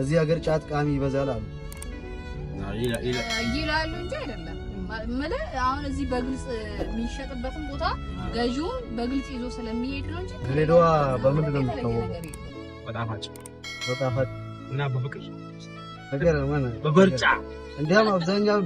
እዚህ ሀገር ጫት ቃሚ ይበዛል አሉ ይላሉ እንጂ አይደለም። ማለት አሁን እዚህ በግልጽ የሚሸጥበትን ቦታ ገዢውን በግልጽ ይዞ ስለሚሄድ ነው እንጂ ድሬዳዋ በምንድን ነው የሚታወቀው? በጣፋጭ በጣፋጭ እና በፍቅር ፍቅር ምን በበርጫ እንዲያውም አብዛኛው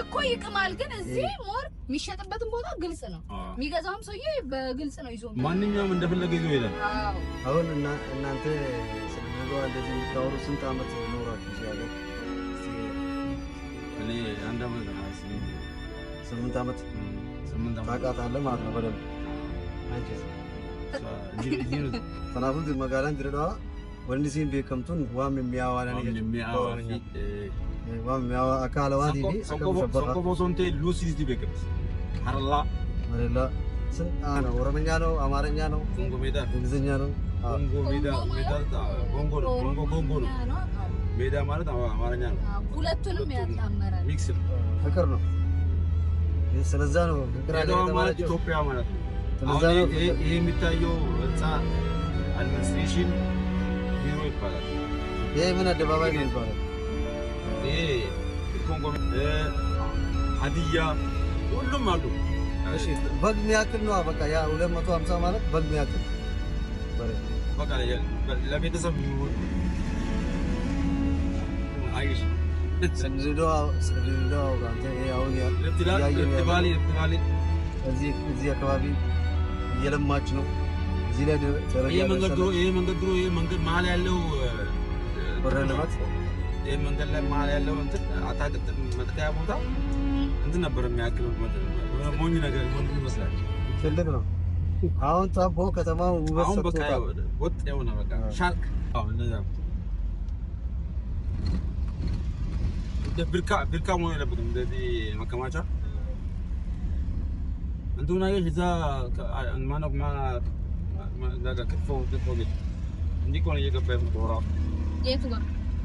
እኮ ይቅማል። ግን እዚህ ሞር የሚሸጥበትን ቦታ ግልጽ ነው። የሚገዛውም ሰውዬ በግልጽ ነው ይዞ ማንኛውም እንደፈለገ ይዞ ይላል። አሁን እናንተ ስለነገዋ እንደዚህ የምታወሩ ስንት አመት ኖራችሁ እዚህ ያለ? እኔ አንድ አመት ስምንት አመት ስምንት ዓመት ታውቃታለህ ማለት ነው በደንብ አንቺስ? ተናፉት መጋላን ድረዳ ወንዲሲን ቤከምቱን ዋም የሚያዋላ ነገር ಅಕಾಲವಾದ ነው ኦሮምኛ ነው አማርኛ ነው እንግሊዝኛ ነው ሜዳ ማለት አማርኛ ነው። ሁለቱንም ያጣመረ ሚክስ ፍቅር ነው። ስለዛ ነው ፍቅር ማለት ኢትዮጵያ ማለት ነው። ስለዛ ነው ይሄ የሚታየው ህንፃ አድሚኒስትሬሽን ቢሮ ይባላል። ይሄ ምን አደባባይ ነው ይባላል? ኮንጎ፣ ሀዲያ ሁሉም አሉ። በግ የሚያክል ነው በቃ ያ 250 ማለት በግ የሚያክል እዚህ አካባቢ እየለማች ነው። እዚህ ላይ ይሄ መንገድ ድሮ ይሄ መንገድ መሀል ያለው መንገድ ላይ መሀል ያለው እንትን አታቅጥም መጥቂያ ቦታ እንትን ነበር የሚያክል ሞኝ ነገር ሞኝ ይመስላል። ትልቅ ነው። አሁን ጣቦ ከተማው ውበት ወጥ የሆነ በቃ ሻርክ አሁን ብርካ ብርካ መሆን የለበትም። እንደዚህ መከማቻ እንትን ነገር እዛ ማነው ማ ክትፎ ክትፎ ቤት እንዲህ ከሆነ እየገባ የምትወራው የቱ ጋር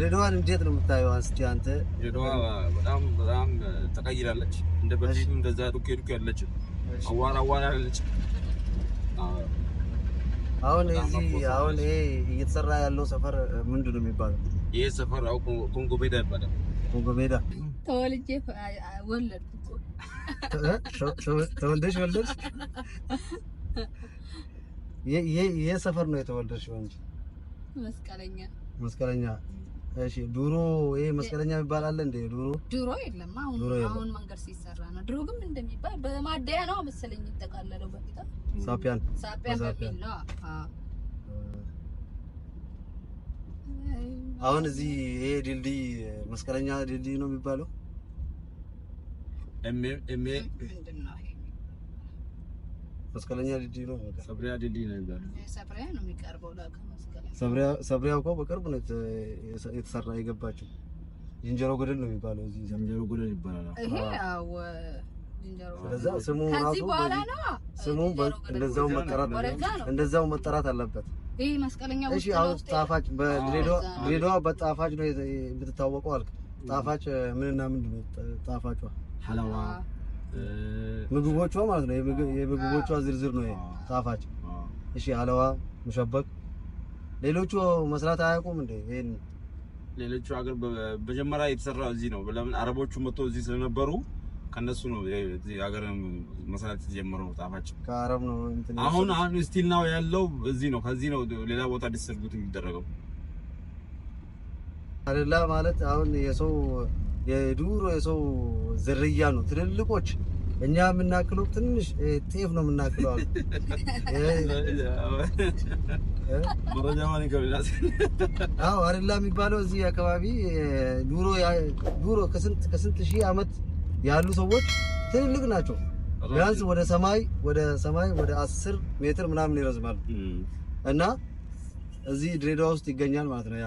ሬድዋን እንዴት ነው የምታየው? አንስቲ አንተ ሬድዋ በጣም በጣም ተቀይራለች። እንደ በፊት እንደዛ ዱቄ ዱቄ ያለች አዋራ አዋራ ያለች። አሁን እዚህ አሁን ይሄ እየተሰራ ያለው ሰፈር ምንድን ነው የሚባለው? ይሄ ሰፈር አው ኮንጎ ሜዳ ይባላል። ኮንጎ ሜዳ ተወልጄ ወለድኩ። ተወልደሽ ወለድሽ? ይሄ ሰፈር ነው የተወለደሽ? ወንጂ መስቀለኛ መስቀለኛ እሺ ዱሮ ይሄ መስቀለኛ የሚባል አለ እንዴ? ዱሮ ዱሮ የለም። አሁን ዱሮ አሁን መንገድ ሲሰራ ነው። ድሮ ግን እንደሚባል በማደያ ነው መሰለኝ ይጠቃለለው። በፊት ሳፒያን ሳፒያን በሚል ነው። አሁን እዚህ ይሄ ድልድይ መስቀለኛ ድልድይ ነው የሚባለው። እሜ እሜ መስቀለኛ ድልድይ ነው። ሰብሪያ ድልድይ ነው የሚባለው። ሰብሪያ ነው የሚቀርበው። ሰብሪያ እኮ በቅርብ ነው የተሰራ የገባችው። ዝንጀሮ ጎደል ነው የሚባለው። እዚህ ዝንጀሮ ጎደል ይባላል። ይሄ ያው ስሙ ራሱ ስሙ እንደዛው መጠራት እንደዛው መጠራት አለበት። ይሄ መስቀለኛ እሺ፣ አሁን ጣፋጭ በድሬዳዋ በጣፋጭ ነው የምትታወቀው አልክ። ጣፋጭ ምንና ምንድን ነው ጣፋጯ? ሐላዋ ምግቦቿ ማለት ነው። የምግቦቿ ዝርዝር ነው ጣፋጭ። እሺ፣ አለዋ፣ ሙሸበክ፣ ሌሎቹ መስራት አያውቁም እንዴ? ይሄን ሌሎቹ ሀገር መጀመሪያ የተሰራው እዚህ ነው። ለምን አረቦቹ መጥቶ እዚህ ስለነበሩ ከነሱ ነው ሀገር መስራት የተጀመረው ጣፋጭ። ከአረብ ነው አሁን አሁን ስቲል ነው ያለው እዚህ ነው። ከዚህ ነው ሌላ ቦታ ዲስትሪቢዩት የሚደረገው አይደለ ማለት አሁን የሰው የዱሮ የሰው ዝርያ ነው። ትልልቆች እኛ የምናክለው ትንሽ ጤፍ ነው የምናክለው አዎ የሚባለው እዚህ አካባቢ ዱሮ ከስንት ሺህ ዓመት ያሉ ሰዎች ትልልቅ ናቸው። ቢያንስ ወደ ሰማይ ወደ ሰማይ ወደ አስር ሜትር ምናምን ይረዝማል? እና እዚህ ድሬዳዋ ውስጥ ይገኛል ማለት ነው ያ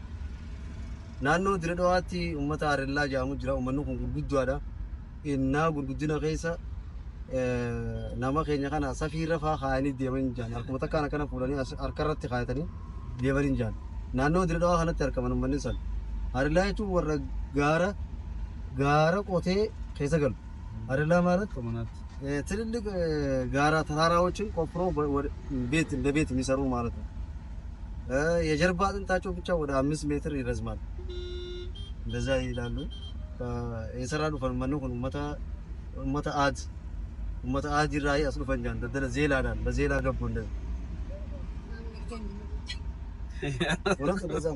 Naannoo Dirreedoo'aatti uummata Haarellaa jedhamu jira. Uummanni kun gurguddaadha. Innaa gurguddina keessa nama keenya kana safiirra fa'aa kaayanii deeman hin jaan. Harkuma takkaan akkana fuulanii harkarratti kaayatanii deeman hin jaan. Naannoo Dirreedoo'aa kanatti argaman uummanni san. Haarellaa jechuun warra gaara gaara qotee keessa galu. Haarellaa maalati? ትልልቅ ጋራ ተራራዎችን ቆፍሮ ቤት እንደ ቤት የሚሰሩ ማለት ነው። የጀርባ አጥንታቸው ብቻ ወደ አምስት ሜትር ይረዝማል። እንደዛ ይላሉ። የሰራዱ ፈንመኑ ኩን ኡመታ ኡመታ አድ ኡመታ አድ ራይ አስሉ ፈንጃን ደደለ ዜላ ዳን በዜላ ገቡ ወራ እንደዛ